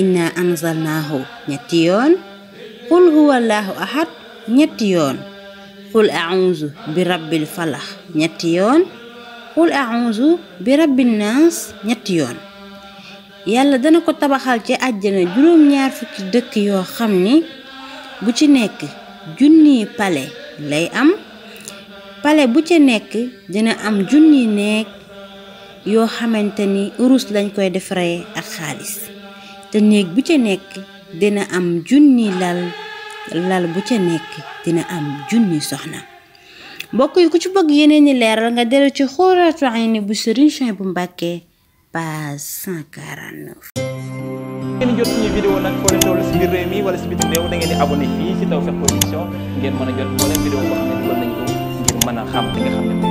inna anzalnaahu ñetti yoon qul huwa allahu ahad ñetti yoon qul auzu bi rabbil falax ñetti yoon qul auzu bi rabbin naas ñetti yoon yàlla dana ko tabaxal ci àjjana juróom-ñaar fukki dëkk yoo xam ni bu ci nekk junniy pale lay am pale bu ca nekk dina am junniy néeg yoo xamante ni urus lañ koy defaree ak xaalis te néeg bu ci nekk dina am junni lal lal bu ci nekk dina am junni soxna mbokk yi ku ci bëgg yeneen ni leer nga dellu ci Xóoratul Ayni bu Sëriñ Suhaybu Mbàkke page 149 ngeen jot suñu vidéo réew mi wala si biti réew ngeen mën a jot moo leen vidéo boo xam ne dugal nañ ko a xam li nga xam